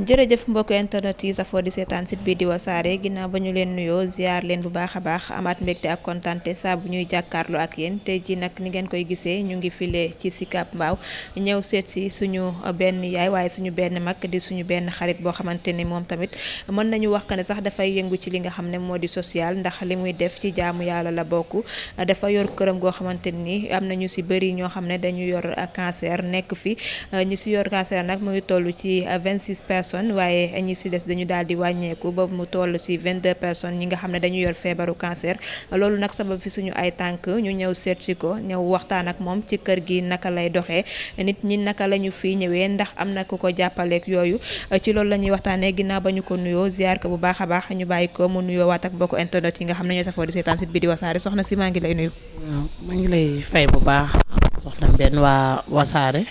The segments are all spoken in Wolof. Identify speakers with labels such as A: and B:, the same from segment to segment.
A: jërëjëf mbokk internet yi safoo di seetaan site bi di wasaare ginnaaw ba ñu leen nuyoo ziar leen bu baax a baax amaat mbégte ak kontante saa bu ñuy jàkkaarloo ak yéen te ji nag ni ngeen koy gisee ñu ngi file ci Sicap Mbao ñëw seet si suñu benn yaay waaye suñu benn mag di suñu benn xarit boo xamante ni moom tamit mën nañu wax ka ne sax dafay yëngu ci li nga xam ne moo di social ndax li muy def ci jaamu yàlla la bokk dafa yor këram goo xamante ni am na ñu si bëri ñoo xam ne dañu yor cancer nekk fi ñu si yor cancer nag mu ngi toll ci 26 personnes personnes waaye ñi si des dañu daal di wàññeeku ba mu toll si 22 personnes ñi nga xam ne dañu yor feebaru cancer loolu nag sabab fi suñu ay tànk ñu ñëw seet ko ñëw waxtaan ak moom ci kër gi naka lay doxee nit ñi naka la ñu fii ñëwee ndax am na ku ko jàppaleeg yooyu ci loolu la ñuy waxtaanee ginnaaw ba ñu ko nuyoo ziar ko bu baax a baax ñu bàyyi ko mu nuyoo waat ak mbokku internet yi nga xam ne ñoo safoo di seetaan site
B: bi di wasaare soxna si maa ngi lay nuyu. waaw ngi lay fay bu baax. soxna Mbène waa wasaare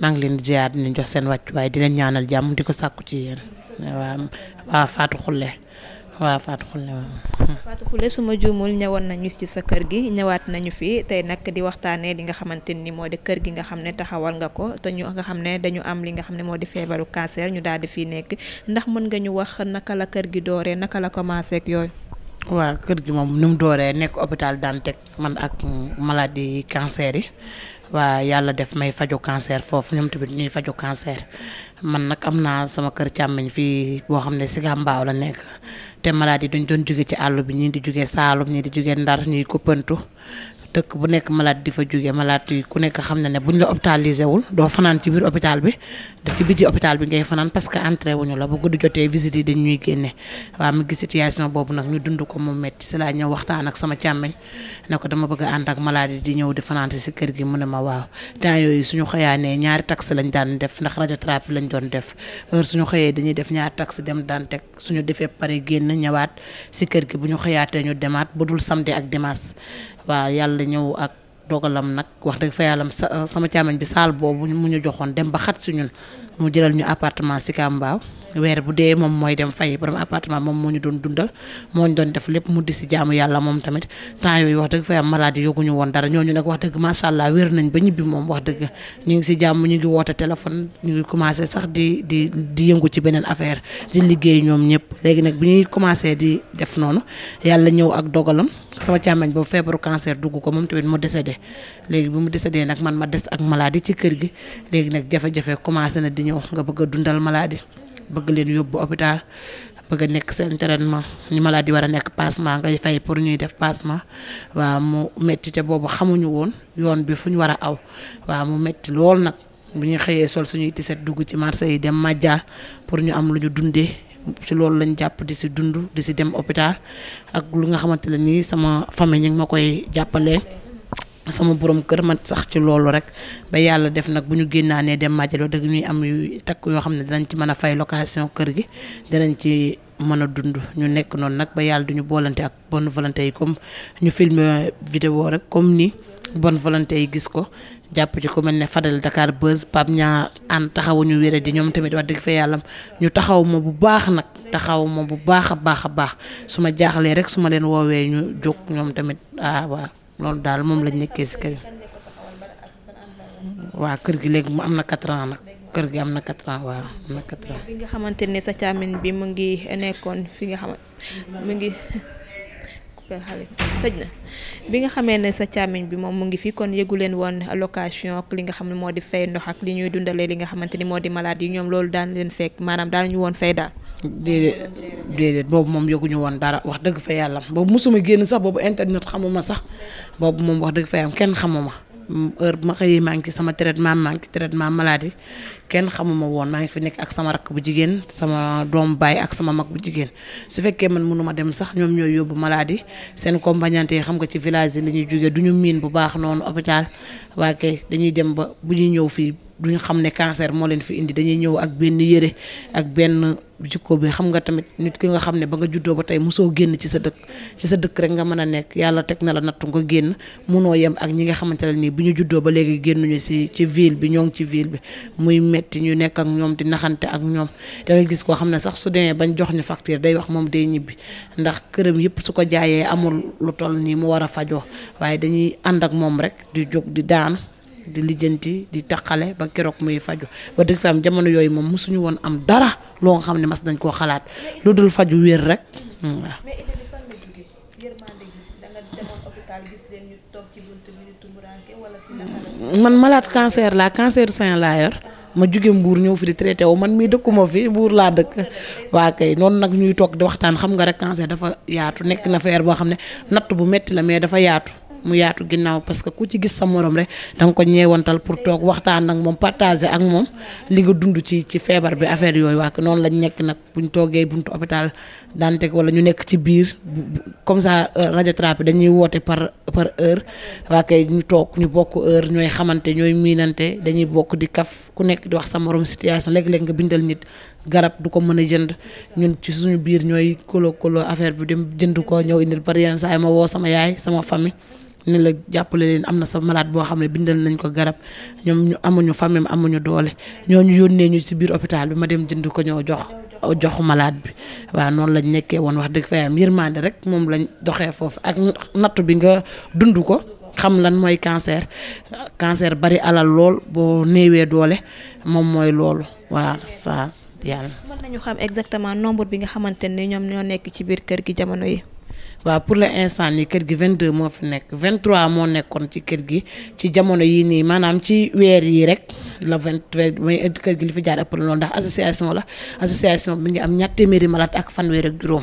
B: maa ngi leen di ziar di leen jox seen wàccuwaay di leen ñaanal jàmm di ko sàkku ci yéen waa waa Fatou Khoule waaw Fatou
A: su ma juumul ñawoon nañu ci sa kër gi ñëwaat nañu fii tey nag di waxtaanee li nga xamante ni moo di kër gi nga xam ne taxawal nga ko te ñu nga xam ne dañu am li nga xam ne moo di feebaru cancer ñu daal di fi nekk ndax mën
B: nga ñu wax naka la kër gi dooree naka la commencé ak yooyu. waaw kër gi moom ni mu dooree nekk hôpital Dantec man ak maladie cancer yi waa yàlla def may fajo cancer foofu ñoom tamit ñuy fajo cancer man nag am naa sama kër càmmiñ fii boo xam ne Sigambaaw la nekk te malade yi dañ doon jóge ci àll bi ñii di jóge Saalum ñii di jóge Ndar ñuy kuppantu dëkk bu nekk malade di fa jóge malade yi ku nekk xam na ne buñ la hôpitalisé doo fanaan ci biir hôpital bi te ci biti hôpital bi ngay fanaan parce que la bu guddi jotee visite yi dañ génne waaw mi ngi situation boobu nag ñu dund ko mu metti si laa ñëw waxtaan ak sama càmmeñ ne ko dama bëgg a ànd ak malade yi di ñëw di fanaan si kër gi mu ne ma waaw temps yooyu suñu xëyaanee ñaari taxi lañ daan def ndax radiothérapie lañ doon def heure waaw yàlla ñëw ak dogalam nag wax dëgg fa yàlla sama càmmiñ bi saal boobu mu ñu joxoon dem ba xat si ñun mu jëlal ñu appartement Sicap Mbao weer bu dee moom mooy dem fay borom appartement moom moo ñu doon dundal moo ñu doon def lépp mu di si jaamu yàlla moom tamit temps yooyu wax dëgg fa am maladie yóguñu woon dara ñooñu nag wax dëgg macha allah wér nañ ba ñibbi moom wax dëgg ñu ngi si jàmm ñu ngi woote téléphone ñu commencé sax di di di yëngu ci beneen affaire di liggéey ñoom ñëpp léegi nag bi ñuy commencé di def noonu yàlla ñëw ak dogalam sama càmmañ boobu feebaru cancer dugg ko moom tamit mu décédé léegi bi mu décédé nag man ma des ak maladie ci kër gi léegi nag jafe-jafe commencé na di ñëw nga bëgg a dundal maladie bëgg leen yóbbu hôpital bëgg a nekk seen traitement ñu maladie war a nekk passement ngay fay pour ñuy def passement waa mu métti te boobu xamuñu woon yoon bi fu ñu war a aw waaw mu métti lool nag bu ñu xëyee sol suñuy tiset dugg ci marché yi dem màjjaal pour ñu am lu ñu dundee ci loolu lañ jàpp di si dund di si dem hôpital ak lu nga xamante ne nii sama famille ñu ngi ma koy jàppalee. sama boroom kër man sax ci loolu rek ba yàlla def nag bu ñu génnaa génnaanee dem màjjal wax dëgg ñuy am yu takk yoo xam ne danañ ci mën a fay location kër gi danañ ci mën a dund ñu nekk noonu nag ba yàlla duñu boolante ak bon volonté yi comme ñu filmer vidéo rek comme ni bon volonté yi gis ko jàpp ci ko mel ne Fadel Dakar Buzz Pape ñaa ànd taxawuñu wére di ñoom tamit wax dëgg fa yàlla ñu taxaw ma bu baax nag taxaw ma bu baax a baax a baax su ma jaaxlee rek su ma leen woowee ñu ñoom tamit ah, loolu daal moom lañ nekkee si kër waa kër gi léegi mu am na 4 ans nag kër gi am na 4 ans waaw am na 4 ans.
A: bi nga xamante ne sa càmmiñ bi mu ngi nekkoon fi nga xam ngi tëj na bi nga xamee ne sa càmmiñ bi moom mu ngi fi kon yëgu leen woon location ak li nga xam ne moo di fay ndox ak li ñuy dundalee li nga xamante ni moo di malade yi ñoom loolu daan leen fekk maanaam daan ñu woon fay daal.
B: déedéet boobu moom yëguñu woon dara wax dëgg fa yàlla boobu mosuma génn sax boobu internet xamuma sax boobu moom wax dëgg fa yàlla kenn xamuma heure ma xëyee maa ngi ci sama traitement maa ngi ci traitement maladie kenn xamuma woon maa ngi fi nekk ak sama rakk bu jigéen sama doom baay ak sama mag bu jigéen su fekkee man mënuma dem sax ñoom ñooy yóbbu maladie seen compagnante yi xam nga ci village yi la ñuy jógee du ñu miin bu baax noonu hôpital waa kay dañuy dem ba bu ñuy ñëw fii duñu xam ne cancer moo leen fi indi dañuy ñëw ak benn yére ak benn jikko bi xam nga tamit nit ki nga xam ne ba nga juddoo ba tey mosoo génn ci sa dëkk ci sa dëkk rek nga mën a nekk yàlla teg na la nattu nga génn munoo yem ak ñi nga xamante ne nii bu ñu juddoo ba léegi génnuñu si ci ville bi ñoo ci ville bi metti ñu nekk ak ñoom di naxante ak ñoom da nga gis koo xam ne sax su demee bañ jox ñu facture day wax moom day ñibbi ndax këram yépp su ko jaayee amul lu toll nii mu war a fajoo waaye dañuy ànd ak moom rek di jóg di daanu di lijjanti di taqale ba keroog muy faju ba dëgg fa am jamono yooyu moom mosuñu woon am dara loo xam ne mas dañ koo xalaat lu dul faju wér rek hmm, waaw. man malade cancer laa cancer sein laa ma jóge mbuur ñëw fi di traité wu man mii dëkkuma fi mbuur laa dëkk waa kay noonu nag ñuy toog di waxtaan xam nga rek cancer dafa yaatu nekk na feer boo xam ne natt bu metti la mais dafa yaatu mu yaatu ginnaaw parce que ku ci gis sa moroom rek danga ko ñeewantal pour toog waxtaan ak moom partager ak moom li nga dund ci ci feebar bi affaire yooyu waa noonu lañ nekk nag buñ toogee buntu hôpital daan teg wala ñu nekk ci biir comme ça euh, radiothérapie dañuy woote par par heure waa kay ñu toog ñu bokk heure ñooy xamante ñooy miinante dañuy bokk di kaf ku nekk di wax sa morom situation léeg-léeg nga bindal nit garab du ko mën a jënd ñun ci suñu biir ñooy kolo kolo affaire bi dem jënd ko ñëw indil par yenn saa yi sama yaay sama famille ni la jàppale leen am na sa malaat boo xam ne bindal nañ ko garab ñoom ñu amuñu famille amuñu doole ñooñu yónnee ñu si biir hôpital bi ma dem jënd ko ñëw jox jox malade bi waa noonu lañ nekkee woon wax dëgg fa yam yërmande rek moom lañ doxee foofu ak nattu bi nga dund ko. xam lan mooy cancer cancer bari alal lool boo néewee doole moom mooy loolu waa saa yàlla.
A: na nañu xam exactement nombre bi nga xamante ni ñoom ñoo nekk ci biir kër gi jamono yi.
B: waaw pour l'instant nii kër gi deux moo fi nekk 23 moo nekkoon ci kër gi ci jamono yi nii maanaam ci weer yi rek la 23 mooy kër gi li fi jaar ëpp na loolu ndax association la association bi ngi am ñatt téeméeri malade ak fanweer ak juróom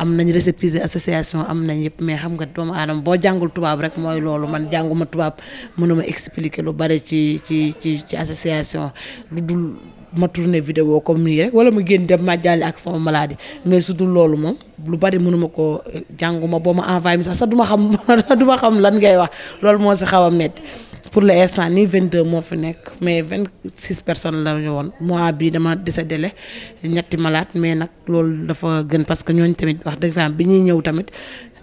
B: am nañ récépissé association am nañ yëpp mais xam nga doomu aadama boo jàngul tubaab rek mooy loolu man jànguma tubaab mënuma expliqué lu bare ci ci ci ci association lu dul ma tourné vidéo comme nii rek wala ma génn dem ma jàlli ak sama maladie mais su dul loolu moom lu bari mënuma koo eh, jànguma boo ma envoyé sax du ma xam du ma xam lan ngay wax loolu moo si xaw a métti pour le l'instant nii 22 moo fi nekk mais 26 personnes la ñu woon mois bii dama décédélé ñetti malaat mais nag loolu dafa gën parce que ñooñu tamit wax dëgg fa bi ñuy ñëw tamit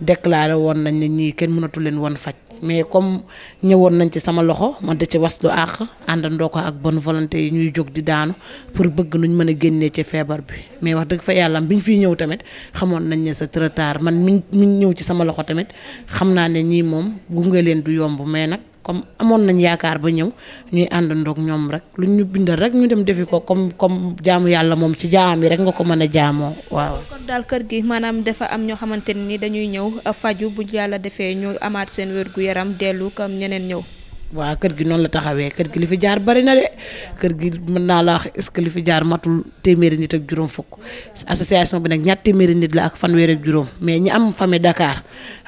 B: déclaré woon nañ ne ñii kenn mënatu leen woon faj. mais comme ñëwoon nañ ci sama loxo man da ci was lu àq àndandoo ko ak bonne volonté yi ñuy jóg di daanu pour bëgg nuñ mën a génnee ci feebar bi mais wax dëgg fa yàlla bi ñu fiy ñëw tamit xamoon nañ ne sa trop man mi mi ñëw ci sama loxo tamit xam naa ne ñii moom gunge leen du yomb mais nag comme amoon nañ yaakaar ba ñëw ñuy àndandoog ñoom rek lu ñu bindal rek ñu dem defi ko comme comme jaamu yàlla moom ci jaam yi rek nga ko mën a jaamoo waaw.
A: kon daal kër gi maanaam dafa am ñoo xamante ne ni dañuy ñëw faju bu yàlla defee ñu amaat seen wér gu yaram dellu comme ñeneen ñëw.
B: waa kër gi noonu la taxawee kër gi li fi jaar bari na de kër gi mën naa la wax est li fi jaar matul téeméeri nit ak juróom fukk association bi nag ñaar téeméeri nit la ak fanweer ak juróom mais ñi am famille Dakar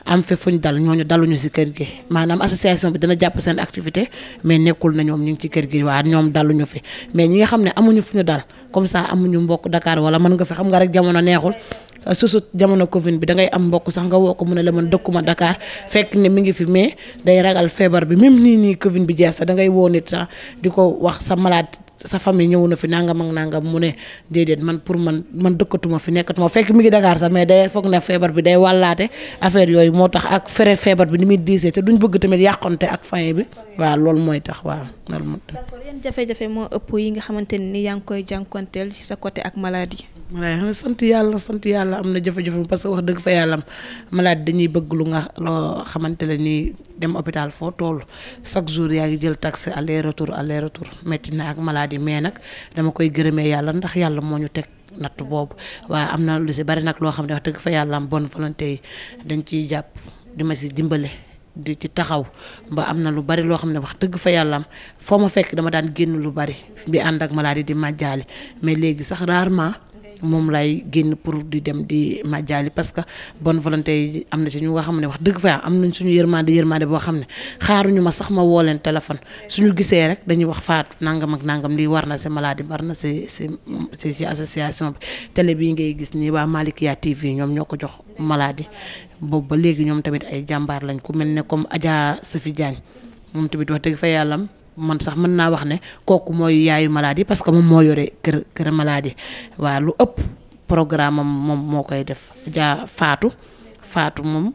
B: am fu ñu dal ñooñu daluñu si kër gi maanaam association bi dana jàpp seen activité mais nekkul na ñoom ñu ngi ci kër gi waa ñoom daluñu fi mais ñi nga xam ne amuñu fu ñu dal comme ça amuñu mbokk dakaar wala mën nga fi xam nga rek jamono neexul Euh, susut jamono Covid bi da ngay am mbokk sax nga woo ko mu ne la man dëkkuma Dakar fekk ne mi ngi fi mais day ragal feebar bi même nii nii Covid bi jeex sax da ngay woo nit sax di ko wax sa malade sa famille ñëw na fi nangam ak nangam mu ne déedéet man pour man man dëkkatuma fi nekkatuma fekk mi ngi Dakar sax mais day foog ne feebar bi day wàllaate affaire yooyu moo tax ak fere feebar bi ni muy diisee te duñ bëgg tamit yàqonte ak fayin bi waa loolu mooy tax waaw. d'accord
A: yan jafe-jafe moo ëpp yi nga xamante ni yaa ngi koy jànkonteel ci sa coté ak maladie.
B: malaay sant yàlla sant yàlla am na jafe-jafe parce que wax dëgg fa yàlla am malade dañuy bëgg lu nga loo xamante ne nii dem hôpital foo toll chaque jour yaa ngi jël taxi aller retour aller retour métti na ak malade yi mais nag dama koy gërëmee yàlla ndax yàlla moo ñu teg natt boobu waaye am na lu si bari nag loo xam ne wax dëgg fa yàlla am bonne volonté yi dañ ciy jàpp di ma si dimbale di ci taxaw ba am na lu bari loo xam ne wax dëgg fa yàlla foo ma fekk dama daan génn lu bari bi ànd ak malade di màjjaali mais léegi sax rarement. moom lay génn pour di dem di màjjaali parce que bonne volonté am na si ñu nga xam ne wax dëgg fa am nañ suñu yërmande yërmande boo xam ne xaaruñu ma sax ma woo leen téléphone suñu gisee rek dañuy wax faatu nangam ak nangam lii war na si maladie war na si si si association bi télé bii ngay gis nii waa Malikia TV ñoom ñoo ko jox maladie boobu ba léegi ñoom tamit ay jàmbaar lañ ku mel ne comme Adja Safi Diagne moom tamit wax dëgg fa yàllam man sax mën naa wax ne kooku mooy yaayu maladie parce que moom moo yore kër kër maladie waa lu ëpp programme am moom moo koy def jaa faatu faatu moom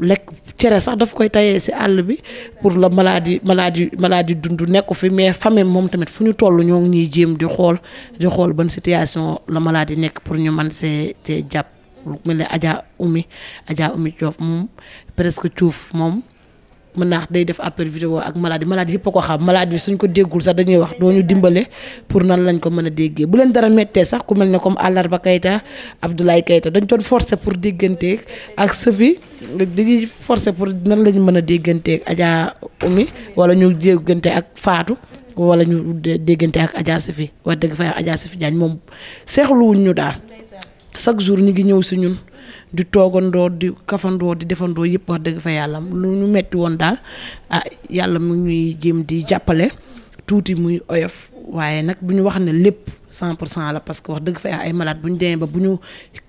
B: lekk cere sax daf koy tayee si àll bi pour la maladie maladie maladie dund nekku fi mais famille moom tamit fu ñu toll ñoo ngi jéem di xool xool ban situation la maladie nekk pour ñu man see see jàpp lu mel ne Adja Oumy Adja Oumy Diouf moom presque Diouf moom mën naa day def appel vidéo ak maladie maladie yëpp ko xam maladie bi suñ ko déggul sax dañuy wax doo ñu dimbale pour nan lañ ko mën a déggee bu leen dara méttee sax ku mel ne comme Àllarba Kayta Abdoulaye Kayta dañ doon force pour dégganteeg ak sëfi dañuy force pour nan lañ mën a dégganteeg Adja Oumy wala ñu déggante ak Faatu wala ñu déggante ak Adja Sëfi wax dëgg fa Adja Sëfi Diagne moom seexluwuñ ñu daal chaque jour ñu ngi ñëw si ñun. di toogandoo di kafandoo di defandoo yëpp wax dëgg fa yàlla lu ñu metti woon daal ah yàlla mu ñuy jéem di jàppale tuuti muy oyof waaye nag bu ñu wax ne lépp cent pour cent la parce que wax dëgg fa ay malaat bu ñu demee ba bu ñu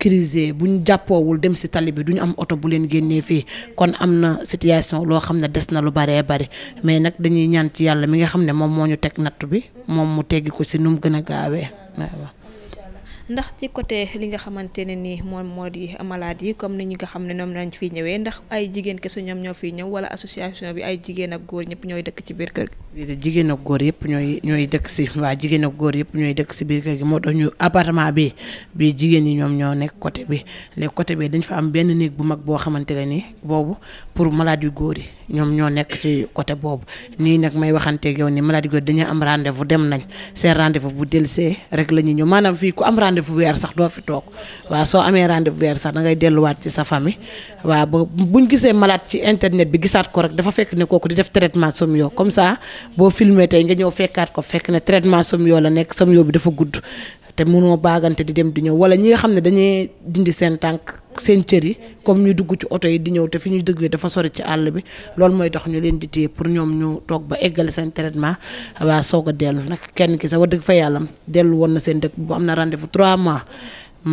B: crisé bu ñu jàppoowul dem si tali bi du ñu am oto bu leen génnee fii kon am na situation loo xam ne des na lu baree bari mais nag dañuy ñaan ci yàlla mi nga xam ne moom moo ñu teg natt bi moom mu teggi ko si nu mu gën a gaawee
A: ndax ci côté li nga xamante ne ni moom moo di malade yi comme ni ñi nga xam ne ñoom lañ fi ñëwee ndax ay jigéen kese ñoom ñoo fiy ñëw wala association bi ay jigéen ak góor ñëpp
B: ñooy dëkk ci biir kër gi. jigéen ak góor yëpp ñooy ñooy dëkk si waa jigéen ak góor ñooy dëkk si biir kër gi moo tax ñu appartement bi bii jigéen yi ñoom ñoo nekk côté bi léegi côté bi dañ fa am benn néeg bu mag boo xamante ne ni boobu pour malade yu góor yi ñoom ñoo nekk ci côté boobu nii nag may waxanteeg yow ni malade yooyu dañu am rendez-vous dem nañ seen rendez-vous bu delsee rek la ñuy ñëw maanaam fii ku am rendez-vous weer sax doo fi toog waa soo amee rendez-vous weer sax da ngay delluwaat ci sa famille waaw bu buñ gisee malade ci internet bi gisaat ko rek dafa fekk ne kooku di def traitement somio comme ça boo filmé tey nga ñëw fekkaat ko fekk ne traitement somio la nekk somio bi dafa gudd te mënoo baagante di dem di ñëw wala ñi nga xam ne dañuy dindi seen tànk seen cër yi comme ñu dugg ci oto yi di ñëw te fi ñu dëggee dafa sori ci àll bi lool mooy tax ñu leen di téye pour ñoom ñu toog ba eggale seen traitement waa soog a dellu nag kenn ki sax wax dëgg fa yàlla dellu na seen dëkk bu am na rendez-vous trois mois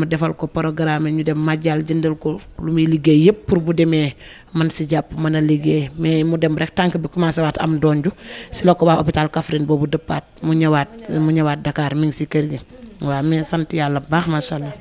B: defal ko programme ñu dem màjjal jëndal ko lu muy liggéey yëpp pour bu demee man si jàpp mën a liggéey mais mu dem rek tànk bi commencé waat am donju si la ko waa hôpital Kaffrine boobu dëppaat mu ñëwaat mu ñëwaat Dakar mi si kër gi. waaw mais sant yàlla bu baax macha allah.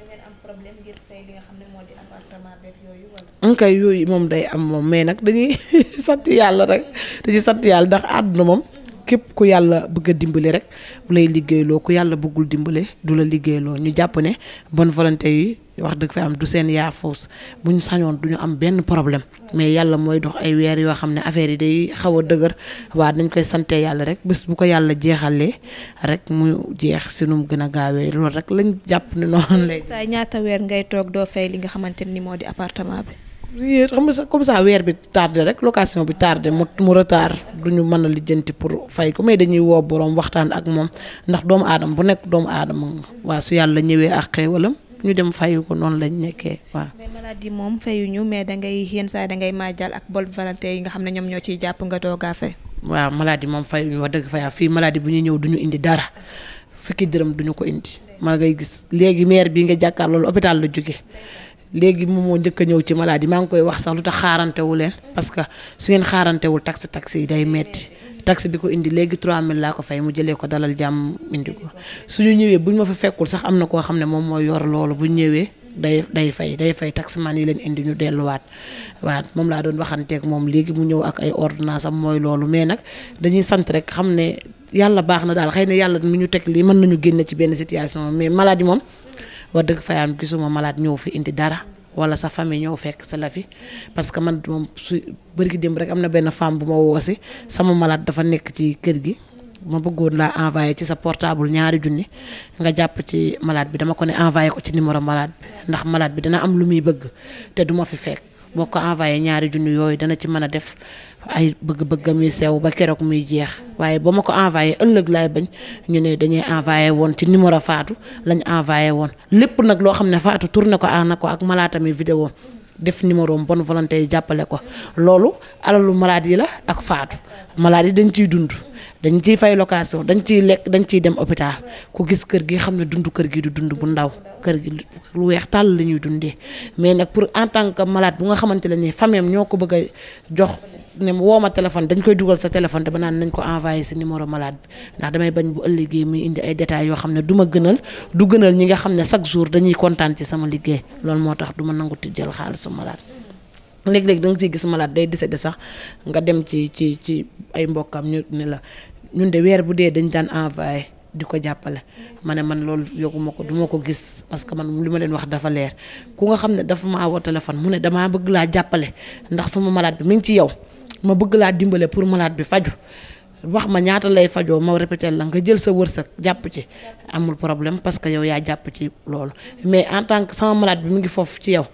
B: ankay yooyu moom day am moom mais nag dañuy sant yàlla rek dañuy sant yàlla ndax àdduna moom képp ku yàlla bëgg a dimbali rek bu lay liggéeyloo ku yàlla bëggul dimbali du la liggéeyloo ñu jàpp ne bon volonté yi wax dëgg fa am du seen yaa foos buñ sañoon duñu am benn problème mais yàlla mooy dox ay weer yoo xam ne affaire yi day xaw a dëgër waa dañ koy sante yàlla rek bés bu ko yàlla jeexalee rek mu jeex si nu mu gën a gaawee loolu rek lañ jàpp ne noonu lay. saa ñaata
A: weer ngay toog doo fay li nga xamante ni moo di appartement bi.
B: yéen xam nga sax comme ça weer bi tardé rek location bi tardé mu mu retard du ñu mën a lijjanti pour fay ko mais dañuy woo boroom waxtaan ak moom ndax doomu aadama bu nekk doomu aadama waa su yàlla ñëwee ak xéewalam ñu dem fayu ko noonu lañ nekkee waaw.
A: mais maladie moom fayuñu mais dangay yenn saa dangay maajal ak bol valantin yi nga xam ne ñoom ñoo ciy jàpp nga doog a fay.
B: waaw maladie moom fayuñu fii maladie bu ñuy ñëw duñu indi dara fukki dërëm duñu ko indi. maa ngay gis léegi maire bii nga jàkkaar loolu hôpital la jóge léegi moom moo njëkk ñëw ci maladie maa ngi koy wax sax lu tax xaarantewu leen parce que su ngeen xaarantewul taxi tax yi day metti taxi bi ko indi léegi mille laa ko fay mu jëlee ko dalal jàmm indi ko suñu ñëwee buñ ma fa fekkul sax am na koo xam ne moom mooy yor loolu bu ñëwee day day fay day fay man yi leen indi ñu delluwaat waaw moom laa doon waxanteeg moom léegi mu ñëw ak ay ordonnance am mooy loolu mais nag dañuy sant rek xam ne yàlla baax na daal xëy na yàlla mi ñu teg lii mën nañu génne ci benn situation mais maladie moom wax dëgg fa yàlla gisuma malaat ñëw fi indi dara wala sa famille ñëw fekk sa la fi parce que man moom su bërki démb rek am na benn femme bu ma woosi sama malaat dafa nekk ci kër gi ma bëggoon laa envoyé ci sa portable ñaari junni nga jàpp ci malaat bi dama ko ne envoyé ko ci numéro malaat bi ndax malaat bi dana am lu muy bëgg te duma fi fekk boo ko envoyé ñaari junni yooyu dana ci mën a def ay bëgg-bëggam yu sew ba keroog muy jeex waaye ba ma ko envoyé ëllëg laay bañ ñu ne dañuy envoyé woon ci numéro faatu lañ envoyé woon lépp nag loo xam ne Fatou tourné ko ànd ko ak malaatami vidéo def numéro bon volonté jàppale ko loolu alalu malade yi la ak Fatou malade yi dañ ciy dund. dañ ci fay location dañ ci lekk dañ ci dem hôpital ku gis kër gi xam ne dund kër gi du dund bu ndaw kër gi lu weex tàll la ñuy dundee mais nag pour en tant que malade bu nga xamante ne nii famille am ñoo ko bëgg a jox ne woo ma téléphone dañ koy dugal sa téléphone ba naan nañ ko envoyé sa numéro malade bi ndax damay bañ bu ëllëgee muy indi ay détails yoo xam ne du ma gënal du gënal ñi nga xam ne chaque jour dañuy kontaan ci sama liggéey lool moo tax du ma nangu tijjal xaalisu malade léeg-léeg da nga ciy gis malade day décédé sax nga dem ci ci ci ay mbokkam ñu ne la ñun de weer bu dee dañ daan envoyé di ko jàppale ma ne man loolu yoguma ko duma ko gis parce que man li ma leen wax dafa leer ku nga xam ne dafa ma woo téléphone mu ne damaa bëgg laa jàppale ndax sama malaat bi mi ngi ci yow ma bëgg laa dimbale pour malaat bi faju wax ma ñaata lay fajoo ma répété la nga jël sa wërsëg jàpp ci amul problème parce que yow yaa jàpp ci loolu mais en tant que sama malade bi mu ngi foofu ci yow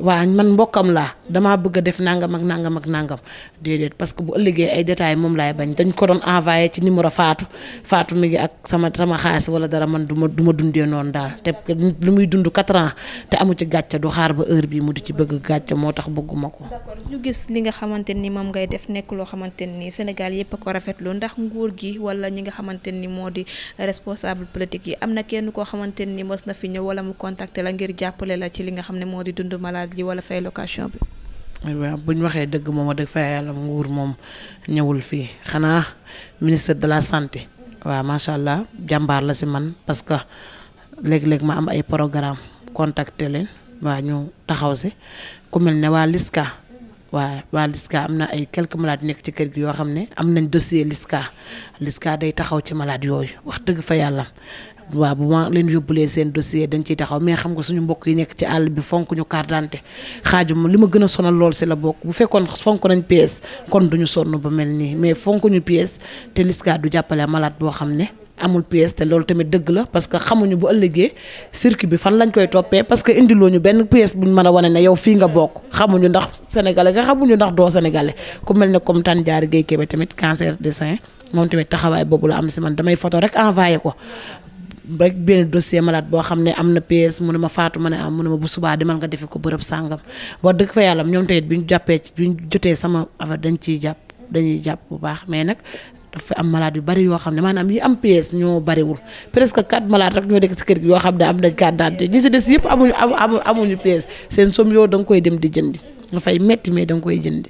B: waa man mbokkam laa damaa bëgg def nangam ak nangam ak nangam déedéet parce que bu ëllëgee ay détails moom laay bañ dañ ko doon envoyé ci numéro Fatou faatu mi ngi ak sama sama xaalis wala dara man du ma du ma dundee noonu daal te lu muy dund 4 ans te amu ci gàcce du xaar ba heure bii mu di ci bëgg gàcce moo tax bëgguma ko. d'accord
A: ñu loo xamante ni Sénégal yëpp dund ndax nguur gi wala ñi nga xamante ni moo di responsable politique yi am na kenn koo xamante ni mos na fi ñëw wala mu contacter la ngir jàppale la ci li nga xam ne moo di dund malade yi wala fay location bi.
B: waaw bu ñu waxee dëgg moom a dëgg fa yàlla nguur moom ñëwul fii xanaa ministre de la santé. waaw macha allah jàmbaar la si man parce que léeg-léeg ma am ay programme contacter leen waa ñu taxaw si ku mel ne waa Liska. waa waa LISCA am na ay quelques malades nekk ci kër yoo xam ne am nañ dossier LISCA day taxaw ci malade yooyu wax dëgg fa yàlla waaw bu ma leen yóbbulee seen dossier dañ ciy taxaw mais xam nga suñu mbokk yi nekk ci àll bi fonk ñu carte d'identité xaaju li ma gën a sonal lool si la bokk bu fekkoon fonk nañ pièce kon duñu sonn ba mel nii mais fonk ñu pièce te LISCA du jàppale malade boo xam ne amul pièce te loolu tamit dëgg la parce que xamuñu bu ëllëgee circuit bi fan lañ koy toppee parce que indiloo ñu benn pièce buñ mën a wane ne yow fii nga bokk xamuñu ndax sénégalais nga xamuñu ndax doo sénégalais ku mel ne comme tan jaar Guèye Kébé tamit cancer du sein moom tamit taxawaay boobu am si man damay photo rek envoyé ko rek benn dossier malaat boo xam ne am na pièce mu ne ma faatu ma ne am ah, mu ne ma bu subaa demal nga defe ko bërëb sàngam wax dëgg fa yàlla ñoom tamit bi ñu jàppee ci bu ñu jotee sama affaire dañ ciy jàpp dañuy jàpp bu baax mais nag dafa am malade yu bari yoo xam ne maanaam am PS ñoo bariwul presque quatre malade rek ñoo dekk kër gi yoo xam ne am nañ carte d'identité yëpp amuñu amu amuñu PS seen som yoo da nga koy dem di jëndi nga fay metti mais da nga koy jëndi.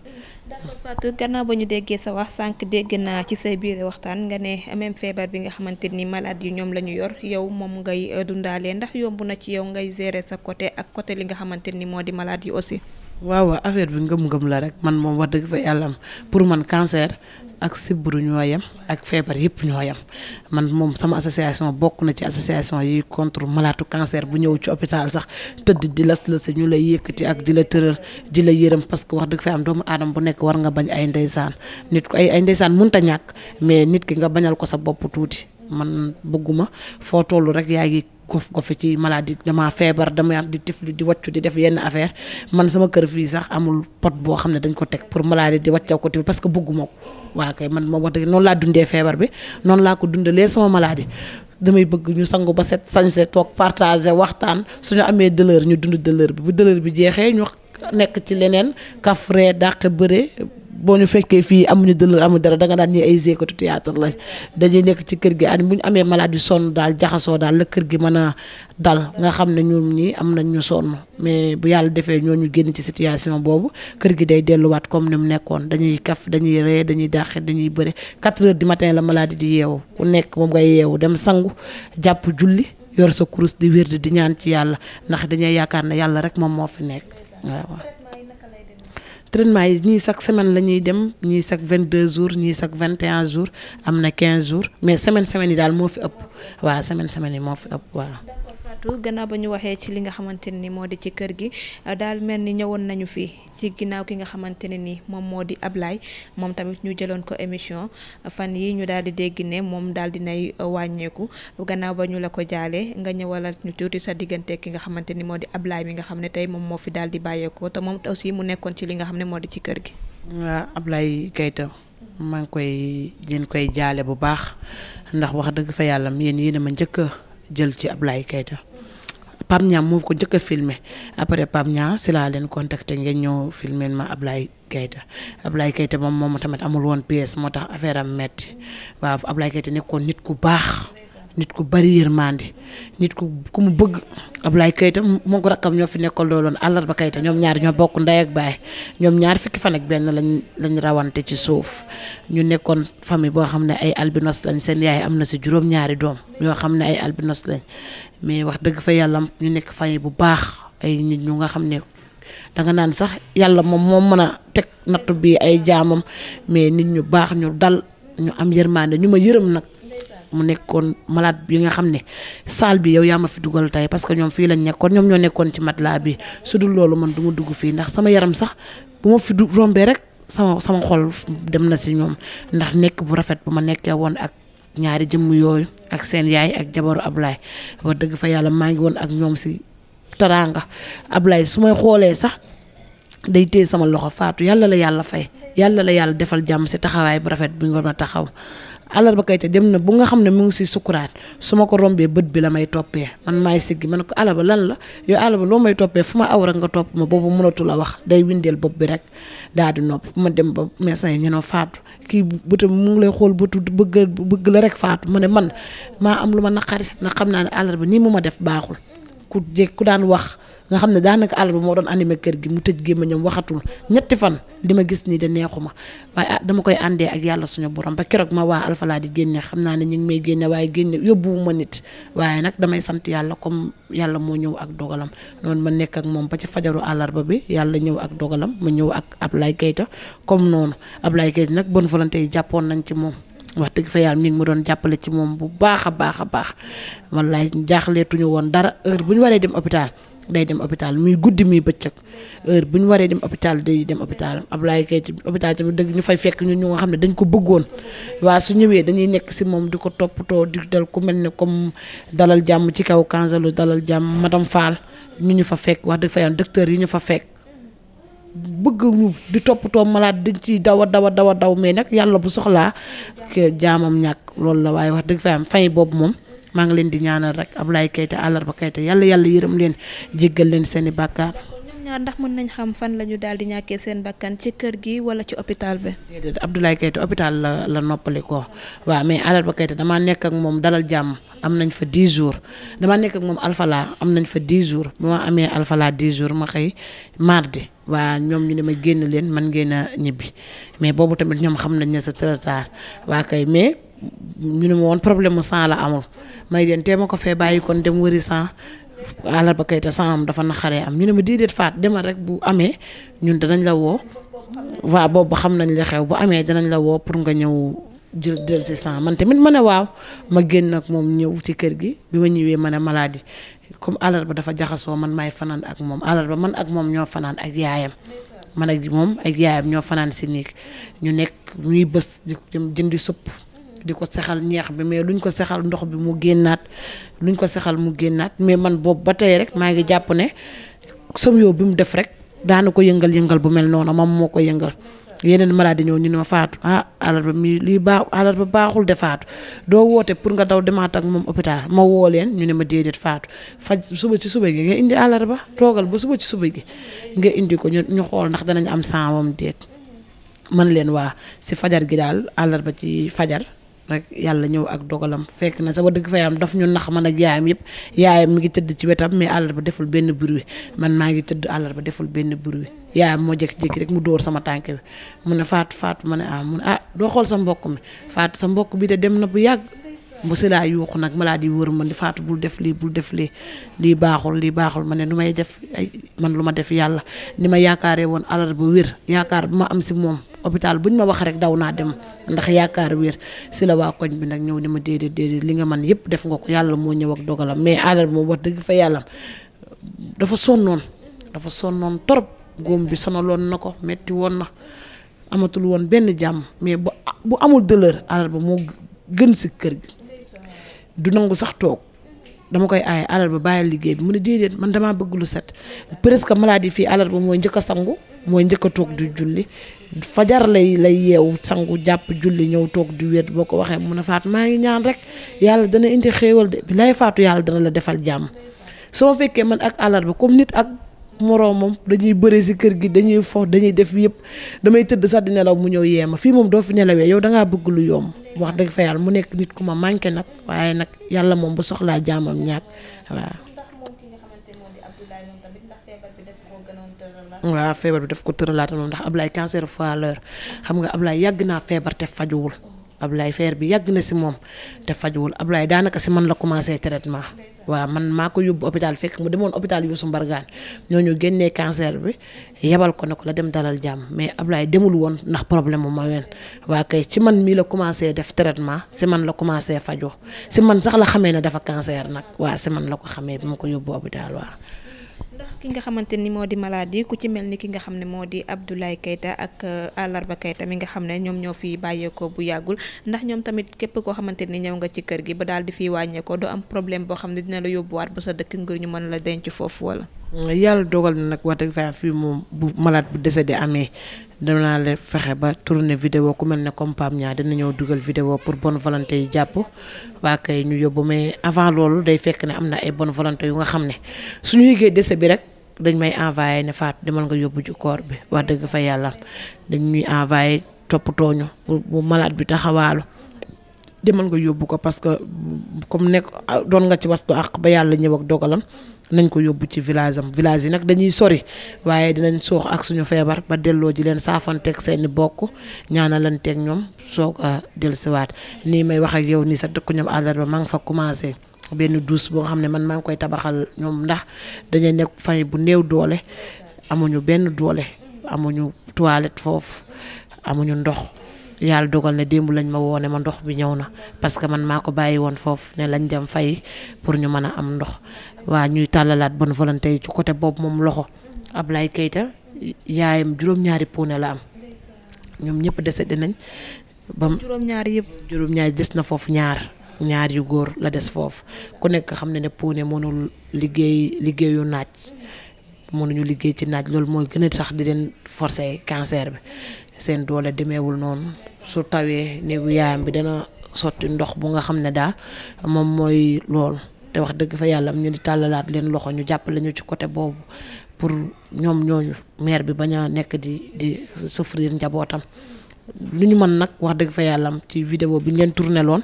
A: Fatou gannaaw ba ñu déggee sa wax sànq dégg naa ci say biire waxtaan nga ne même feebar bi nga xamante ni malaat yi ñoom la ñu yor yow moom ngay euh, dundaalee ndax yomb na ci yow ngay gere sa côté ak côté li nga xamante ni moo di malade yi aussi.
B: waaw affaire bi ngëm-ngëm la rek man moom wax dëgg fa yàlla am pour man cancer ak sibbiru ñoo yem ak feebar yëpp ñoo yem man moom sama association bokk na ci association yi contre malaatu cancer bu ñëw ci hôpital sax tëdd di las la si ñu lay yëkkati ak di la tëral di la yërëm parce que wax dëgg fa am doomu aadama bu nekk war nga bañ ay ndeysaan nit ko ay ay ndeysaan ñàkk mais nit ki nga bañal ko sa bopp tuuti man bëgguma foo tollu rek yaa ngi gof gofe ci maladie dama feebar dama di tifli di wàccu di def yenn affaire man sama kër fii sax amul pot boo xam ne dañ ko teg pour maladie di wàccaw ko parce que bëgguma ko waa kay man moom wax dëgg noonu laa dundee feebar bi noonu laa ko dundalee sama maladie damay bëgg ñu sangu ba set sañse toog partager waxtaan suñu amee douleur ñu dund douleur bi bu douleur bi jeexee ñu nekk ci leneen kaf ree dàq bëre boo ñu fekkee fii amuñu dëllër amul dara danga daan ñi ay zéekatu théâtre la dañuy nekk ci kër gi an bu ñu amee malade yu sonn daal jaxasoo daal la kër gi mën a dal nga xam ne ñoom ñi am nañ ñu sonn mais bu yàlla defee ñoo ñu génn ci situation boobu kër gi day delluwaat comme ni mu nekkoon dañuy kaf dañuy ree dañuy dàqe dañuy bëre 4 heures di matin la maladie di yeewu ku nekk moom ngay yeewu dem sangu jàpp julli yor sa kurus di wér di ñaan ci yàlla ndax dañuy yaakaar ne yàlla rek moom moo fi nekk waaw traitement yi ñii chaque semaine la ñuy dem ñii chaque vingt deux jours ñii chaque vingt et jours am na quinze jours mais semaine semaine yi daal moo fi ëpp waaw semaine semaine yi moo fi ëpp waaw
A: Fatou gannaaw ba ñu waxee ci li nga xamante ne ni moo di ci kër gi daal mel ni ñëwoon nañu fii ci ginnaaw ki nga xamante ne ni moom moo di Ablaye moom tamit ñu jëloon ko émission fan yi ñu daal di dégg ne moom daal nay wàññeeku gannaaw ba ñu la ko jaalee nga ñëwalal ñu tuuti sa diggante ki nga xamante ni moo di Ablaye mi nga xam ne tey moom moo fi daal di bàyyeekoo te moom aussi mu nekkoon ci li nga xam ne moo di ci kër gi.
B: waaw ah, Ablaye Keita maa ngi koy jën koy jaale bu baax ndax wax dëgg fa yàlla yéen yéen a ma njëkk a jël ci Ablaye Keita Pape Niang moo ko njëkk a filmé après Pape Niang si laa leen contacté ngeen ñëw filmé ma Ablaye Keita Ablaye Keita moom moom tamit amul woon pièce moo tax affaire am metti waaw Ablaye Keita nekkoon nit ku baax. nit ku bari yërmande nit ku ku mu bëgg Ablaye Keita moo ko rakkam ñoo fi nekkoon looloon àllarba Keita ñoom ñaar ñoo bokk ndey ak baay ñoom ñaar fukki fan ak benn lañ lañ rawante ci suuf ñu nekkoon famille boo xam ne ay albinos lañ seen yaay am na si juróom-ñaari doom yoo xam ne ay albinos lañ mais wax dëgg fa yàlla ñu nekk famille bu baax ay nit ñu nga xam ne danga naan sax yàlla moom moom mën a teg nattu bii ay jaamam mais nit ñu baax ñu dal ñu am yërmande ñu ma yërëm nag. mu nekkoon malaat bi nga xam ne salle bi yow yaa ma fi dugal tey parce que ñoom fii lañ nekkoon ñoom ñoo nekkoon ci matelas bi su dul loolu man duma dugg fii ndax sama yaram sax bu ma fi du rombee rek sama sama xol dem na si ñoom ndax nekk bu rafet bu ma nekkee woon ak ñaari jëmm yooyu ak seen yaay ak jabaru Ablaye dëgg fa yàlla maa ngi woon ak ñoom si taraanga Ablaye su may xoolee sax day téye sama loxo faatu yàlla la yàlla fay yàlla la yàlla defal jàmm si taxawaay bu rafet bi nga ma taxaw àllarba kayte dem na bu nga xam ne mu ngi si sukuraat su ma ko rombee bët bi la may toppee man maay siggi ma ne ko àllarba lan la yow àllarba loo may toppee fu ma aw rek nga topp ma boobu mënatu la wax day windeel bopp bi rek daal di nopp ma dem ba médecin yi ñu ne faatu kii bëtam mu ngi lay xool bëtu bëgg bëgg la rek faatu ma ne man maa am lu ma naqari na xam naa ne àllarba nii mu ma def baaxul ku jég ku daan wax nga xam ne daanaka àll moo doon animé kër gi mu tëj gémmiñam waxatul ñetti fan li ma gis nii de neexuma waaye ah dama koy àndee ak yàlla suñu borom ba keroog ma waa Alfala di génne xam naa ne ñu ngi may génne waaye génne yóbbuwuma nit waaye nag damay sant yàlla comme yàlla moo ñëw ak dogalam noonu ma nekk ak moom ba ci fajaru àllarba bi yàlla ñëw ak dogalam ma ñëw ak Ablaye Keita comme noonu Ablaye Keita nag bonne volonté jàppoon nañ ci moom. wax fa yàlla mi ma doon jàppale ci moom bu baax a baax a baax wallaay woon dara heure bu ñu waree dem hôpital day dem hôpital muy guddi muy bëccëg heure bu ñu waree dem hôpital day dem hôpital Ablaye Kay ci hôpital tamit dëgg ñu fay fekk ñun ñu nga xam ne dañ ko bëggoon waa su ñëwee dañuy nekk si moom di ko toppatoo di dal ku mel ne comme dalal jàmm ci kaw kanzalu dalal jàmm madame Fall ñu ñu fa fekk wax dëgg fa yàlla docteur yi ñu fa fekk bëgg ñu di toppatoo malade dañ ci daw a daw daw a daw mais nag yàlla bu soxlaa jaamam ñàkk loolu la waaye wax dëgg fa yàlla fay boobu moom. maa ngi leen di ñaanal rek Ablaye Keita àllarba Keita yàlla yàlla yërëm leen jéggal leen seeni i bàkkaar.
A: ñaar ndax mën nañ xam fan la ñu daal di ñàkkee seen bakkan ci kër gi wala ci hôpital
B: bi. déedéet Abdoulaye Keita hôpital la la noppali waaw mais Alarba Keita damaa nekk ak moom dalal jàmm am nañ fa 10 jours dama nekk ak moom alfalaa am nañ fa 10 jours moo ma amee alfalaa 10 jours ma xëy mardi waa ñoom ñu ne ma génn leen man ngeen a ñibbi mais boobu tamit ñoom xam nañ ne c'est trop tard waa ñu ne ma woon problème mu sang la amul may den tee ma ko fee bàyyi kon dem wëri sang àllar ba kay te sang am dafa naqaree am ñu ne ma déedéet faat demal rek bu amee ñun danañ la woo waaw boobu xam nañ la xew bu amee danañ la woo pour nga ñëw jël jël si sang man tamit ma ne waaw ma génn ak moom ñëw ci kër gi bi ma ñëwee ma ne comme àllarba dafa jaxasoo man maay fanaan ak moom àllarba man ak moom ñoo fanaan ak yaayam man ak moom ak yaayam ñoo fanaan si néeg ñu nekk ñuy bës di jëndi supp di ko sexal ñeex bi mais luñ ko sexal ndox bi mu génnaat luñ ko sexal mu génnaat mais man boobu ba tey rek maa ngi jàpp ne sam yoo bi mu def rek daana ko yëngal yëngal bu mel noonu moom moo ko yëngal. yeneen maladie ñëw ñu ne ma faatu ah alarba mi lii baax alarba baaxul de doo woote pour nga daw demaat ak moom hôpital ma woo leen ñu ne ma déedéet faatu faj suba ci suba gi nga indi alarba toogal ba suba ci suba gi nga indi ko ñu xool ndax danañ am saamam déet man leen waa si fajar gi daal alarba ci fajar rek yàlla ñëw ak dogalam fekk na sama dëgg fa daf ñu nax man ak yaayam yëpp yaayam mi ngi tëdd ci wetam mais àllarba deful benn bruit man maa ngi tëdd àllarba deful benn bruit yaayam moo jekki jékki rek mu dóor sama tànk bi mu ne faat faatu ma ah, ne ah doo xool sa mbokk mi faat sa mbokk bi de dem na bu yàgg. ba si laa yuuxu nag ma laa di wër ma di faatu bul def lii bul def lii lii baaxul lii baaxul ma ne lu may def ay man lu ma def yàlla ni ma yaakaaree woon alal ba wér yaakaar bu ma am si moom hôpital buñ ma wax rek daw naa dem ndax yaakaar wér si la waa koñ bi nag ñëw ni ma déedéet déedéet li nga man yëpp def nga ko yàlla moo ñëw ak dogalam mais alal moom wax dëgg fa yàlla dafa sonnoon dafa sonnoon torop góom bi sonaloon na ko metti woon na amatul woon benn jàmm mais bu amul douleur alal ba moo gën si kër gi du nangu sax toog dama koy aaye ba bàyyi liggéey bi mu ne déedéet man damaa bëgg lu set presque maladie fii alarba mooy njëkk a sangu mooy njëkk toog du julli fajar lay lay yeew sangu jàpp julli ñëw toog du wéet boo ko waxee mun a faat maa ngi ñaan rek yàlla dana indi xéewal de bi lay faatu yàlla dana la defal jàmm soo fekkee man ak alarba comme nit ak. moroomam dañuy bëree si kër gi dañuy fo dañuy def yëpp damay tëdd sax di nelaw mu ñëw yee ma fii moom doo fi nelawee yow da ngaa bëgg lu yomb wax dëgg fa yàlla mu nekk nit ku ma manqué nag waaye nag yàlla moom ba soxlaa jaamam ñaar waaw. feebar bi daf ko tëralaata moom ndax Ablaye cancer foie l'heure xam nga ab lay yàgg naa feebar te fajuwul. Ablaye feer bi yàgg na si moom te fajwul Ablaye daanaka si man la commencé traitement waa man maa ko yóbbu hôpital fekk mu demoon hôpital Youssou ñoo ñu génnee cancer bi yebal ko ne ko la dem dalal jàmm mais Ablaye demul woon ndax problème mu ma ween waa kay ci man mii la commencé def traitement si man la commencé fajoo si man sax la xamee ne dafa cancer nag waa si man la ko xamee bi ma ko yóbbu hôpital waa
A: ki nga xamante ni moo di maladie ku ci mel ni ki nga xam ne moo di Abdoulaye Keita ak euh, Alarba Keita mi nga xam ne ñoom ñoo fi bàyyeekoo bu yàggul ndax ñoom tamit képp koo xamante ni ñëw nga ci kër gi ba daal di fiy wàññeekoo doo am problème boo xam ne dina la yóbbuwaat ba sa dëkk ngir ñu mën la denc foofu wala.
B: yàlla dogal na nag wax dëgg faa fii moom bu malade bu décédé amee danaa la fexe ba tourner vidéo ku mel ne comme Pam ñaar dina ñëw dugal vidéo pour bonne volonté yi jàpp waa kay ñu yóbbu mais avant loolu day fekk ne am na ay bon volonté yu nga xam ne suñu yëgee décès bi rek dañ may envoyé ne faat demal nga yóbbu ju koor bi wax dëgg fa yàlla dañ ñuy envoyé toppatoo ñu bu malade bi taxawaalu demal nga yóbbu ko parce que comme nekk ah, doon nga ci wastu àq ba yàlla ñëw dogalam nañ ko yóbbu ci village am village yi nag dañuy sori waaye dinañ soox ak suñu feebar ba delloo ji leen saafanteeg seeni bokk ñaanalanteeg ñoom soog a dellusiwaat nii may wax ak yow nii sa dëkk ñoom àllarba maa ngi fa commencé. benn douche boo xam ne man maa koy tabaxal ñoom ndax dañuy nekk famille bu néew doole amuñu benn doole amuñu toilette foofu amuñu ndox yàlla dogal ne démb lañ ma woone ma ndox bi ñëw na parce que man maa ko bàyyi woon foofu ne lañ dem fay pour ñu mën a am ndox waa ñuy tàllalaat bonne volonté yi ci côté boobu moom loxo Ablaye Keita yaayam juróom-ñaari puune la am ñoom ñëpp décédé nañ. ba juróom-ñaari yëpp juróom-ñaari des na foofu ñaar. ñaar yu góor la des foofu ku nekk xam ne ne Pouné mënul liggéey liggéeyu naaj mënuñu liggéey ci naaj loolu mooy gën a sax di leen forcer cancer bi seen doole demeewul noonu su tawee néegu yaayam bi dana sotti ndox bu nga xam ne daal moom mooy loolu te wax dëgg fa yàlla ñu di tàllalaat leen loxo ñu jàpp lañu ci côté boobu pour ñoom ñooñu maire bi bañ a nekk di di souffrir njabootam lu ñu mën nag wax dëgg fa yàlla ci vidéo bi ñu leen tourné loon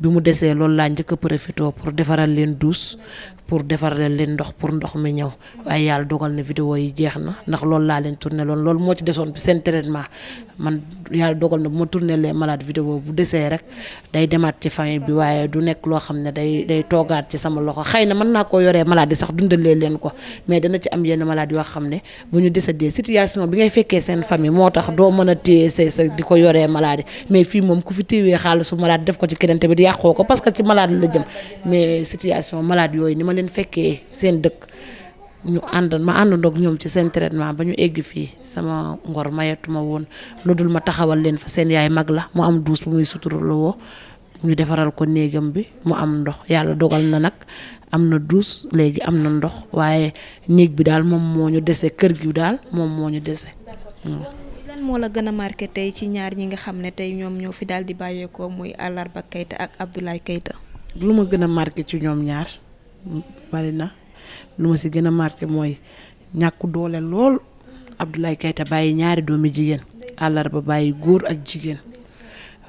B: bi mu desee loolu laa njëkk a profité pour defaral leen douche pour defar leen ndox pour ndox mi ñëw waaye yàlla dogal na vidéo yi jeex na ndax lool laa leen tourné loon loolu moo ci desoon bi seen traitement man yàlla dogal na bu ma tourné les malades vidéo desee rek day demaat ci famille bi waaye du nekk loo xam ne day day toogaat ci sama loxo xëy na mën naa koo yoree malade sax dundalee leen ko mais dana ci am yenn malade yoo xam ne bu ñu décédee situation bi ngay fekkee seen famille moo tax doo mën a téye ko yoree malade mais fii moom ku fi téyee xaalisu malade def ko ci keneen tamit yàqoo ko parce que ci malade la jëm mais situation yooyu ni ma leen fekkee seen dëkk ñu ànd ma àndandoog ñoom ci seen traitement ba ñu egg fii sama ngor mayatuma woon lu dul ma taxawal leen fa seen yaay mag la mu am duus bu muy suturaloo ñu defaral ko néegam bi mu am ndox yàlla dogal na nag am na duus léegi am na ndox waaye néeg bi daal moom moo ñu dese kër gi daal moom moo ñu dese.
A: lan moo la gën a marqué tey ci ñaar ñi nga xam ne tey ñoom ñoo fi daal di bàyyeekoo muy Alarba Keita ak Abdoulaye Keita.
B: lu ma gën a marqué ci ñoom ñaar. bari na lu ma si gën a marqué mooy ñàkku doole lool Abdoulaye Keita bàyyi ñaari doomi jigéen àllarba bàyyi góor ak jigéen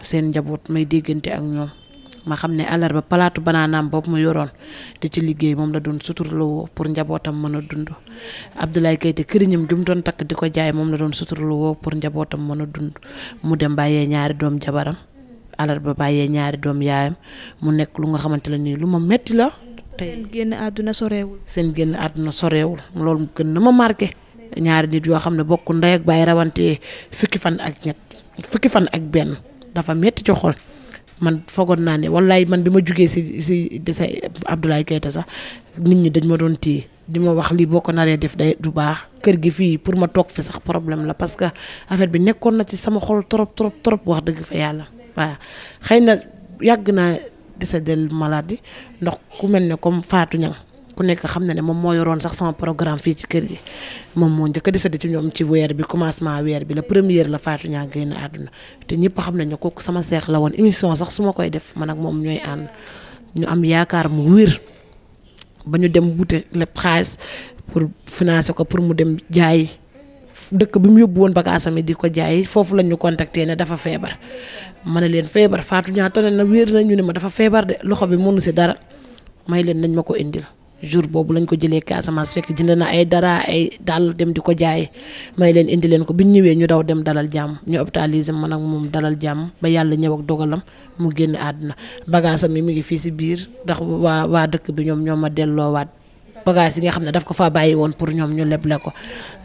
B: seen njaboot may déggante ak ñoom ma xam ne àllarba palaatu banaanam boobu mu yoroon te ci liggéey moom la doon suturloo pour njabootam mën a dund Abdoulaye Keita këriñam gi mu takk di ko jaay moom la doon suturloo pour njabootam mën a dund mu dem bàyyee ñaari doom jabaram àllarba bàyyee ñaari doom yaayam mu nekk lu nga xamante ne nii lu ma metti la tey seen génn àdduna soreewul. seen génn àdduna soreewul loolu gën na ma marqué. ñaari nit yoo xam ne bokk ndey ak baay rawante fukki fan ak ñett fukki fan ak benn dafa metti ci xol man foogoon naa ne wallaay man bi ma jugee si si dese Abdoulaye Keita sax nit ñi dañ ma doon téye di ma wax lii boo ko naree def day du baax kër gi fii pour ma toog fi sax problème la parce que affaire bi nekkoon na ci sama xol trop trop trop wax dëgg fa yàlla waaw xëy yàgg naa. décédé maladie ndox ku mel ne comme faatu Niang ku nekk xam na ne moom moo yoroon sax sama programme fii ci kër gi moom moo njëkk a décédé ci ñoom ci weer bi commencement weer bi la première la Fatou Niang génn àdduna te ñëpp xam nañ ne kooku sama seex la woon émission sax su ma koy def man ak moom ñooy ànd ñu am yaakaar mu wér ba ñu dem wute lépp xaalis pour financer ko pour mu dem jaay dëkk bi mu yóbbu woon bagaasam yi di ko jaay foofu lañ ñu contacté ne dafa feebar ma ne leen feebar faatu ñaata ne na wéer nañ ñu ne ma dafa feebar de loxo bi mënu si dara may leen nañ ma ko indil jour boobu lañ ko jëlee Casamance fekk jënd na ay dara ay dàll dem di ko jaay may leen indi leen ko bi ñu ñëwee ñu daw dem dalal jàmm ñu hôpitalisé man ak moom dalal jàmm ba yàlla ñëw ak dogalam mu génn àdduna bagaasam yi mu ngi fii si biir ndax waa waa dëkk bi ñoom ñoo ma delloowaat bagage yi nga xam ne daf ko faa bàyyi woon pour ñoom ñu leble ko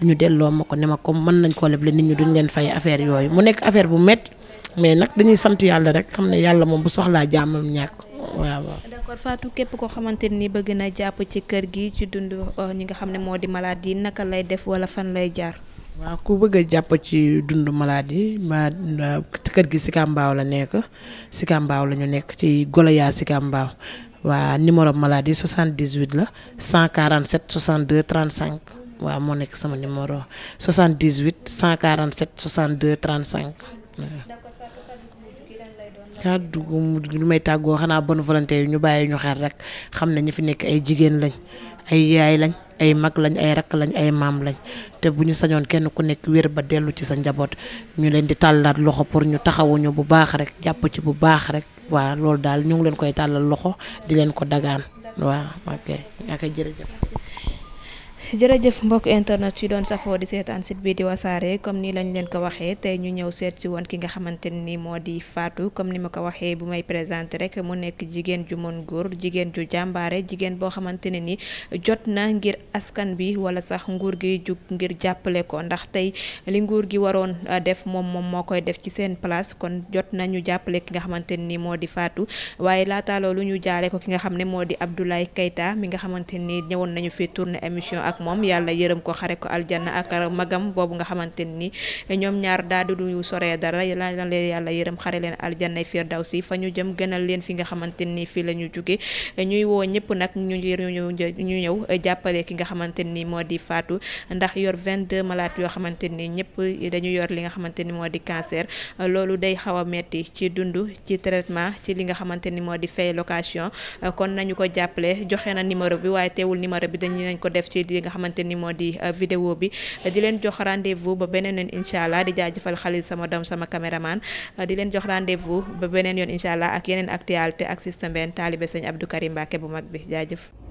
B: ñu delloo ma ko ne ma comme mën nañ koo leble nit ñu duñ leen fay affaire yooyu mu nekk affaire bu métti mais nag dañuy sant yàlla rek xam ne yàlla moom bu soxlaa jàmmam ñàkk waaw waaw.
A: d'accord Fatou képp koo xamante ni bëgg na jàpp ci kër gi ci dund euh, ñi nga xam ne moo di malade yi naka lay def wala fan lay jaar.
B: waaw ku bëgg a jàpp ci dund malade yi ma euh, kër gi Sicap Mbao la nekk sikambaaw Mbao la ñu nekk ci golo yaa Mbao waa numéro maladie 78 la 147 62 35 waaw moo nekk sama numéro 78 147 62 35 waaw. kàddu gu lu may tàggoo xanaa bonne volonté yi ñu bàyyi ñu xel rek xam ne ñu fi nekk ay jigéen lañ ay yaay lañ ay mag lañ ay rakk lañ ay maam lañ te bu ñu sañoon kenn ku nekk wér ba dellu ci sa njaboot ñu leen di tàllaat loxo pour ñu taxawuñu bu baax rek jàpp ci bu baax rek waa loolu daal ñu ngi leen koy tàllal loxo di leen ko dagaan waaw ok yaa koy jërëjëf jërëjëf
A: mbokk internet yi doon safoo di seetaan site bii di wasaare comme ni lañ leen ko waxee tey ñu ñëw seet woon ki nga xamante ni moo di faatu comme ni ma ko waxee bu may présenté rek mu nekk jigéen ju mën góor jigéen ju jàmbaare jigéen boo xamante ne ni jot na ngir askan bi wala sax nguur gi jug ngir jàppale ko ndax tey li nguur gi waroon uh, def moom moom moo koy def ci seen place kon jot na ñu jàppale ki nga xamante ne ni moo di Fatou waaye laataaloo lu ñu jaaree ko ki nga xam ne moo di Abdoulaye Keita mi nga xamante ni ñëwoon nañu fi tourné émission ak moom yàlla yërëm ko xare ko aljanna ak magam boobu nga xamante ni ñoom ñaar daa du soree dara lan leen yàlla yërëm xare leen aljanna firdawsi fa ñu jëm gënal leen fi nga xamante ni fii la jóge ñuy woo ñëpp nag ñu ñëw jàppale ki nga xamante ni moo di faatu ndax yor 22 malades yoo xamante ni ñëpp dañu yor li nga xamante ni moo di cancer loolu day xaw a metti ci dund ci traitement ci li nga xamante ni moo di fay location kon nañu ko jàppale joxe xamante ni moo di euh, vidéo bi di leen jox rendez-vous ba beneen yoon incha allah di jaajëfal xalil sama doom sama caméraman euh, di leen jox rendez-vous ba beneen yoon incha allah ak yeneen actualité ak système benn taalibe sëñ Abdou Karim Mbacke bu mag bi jaajëf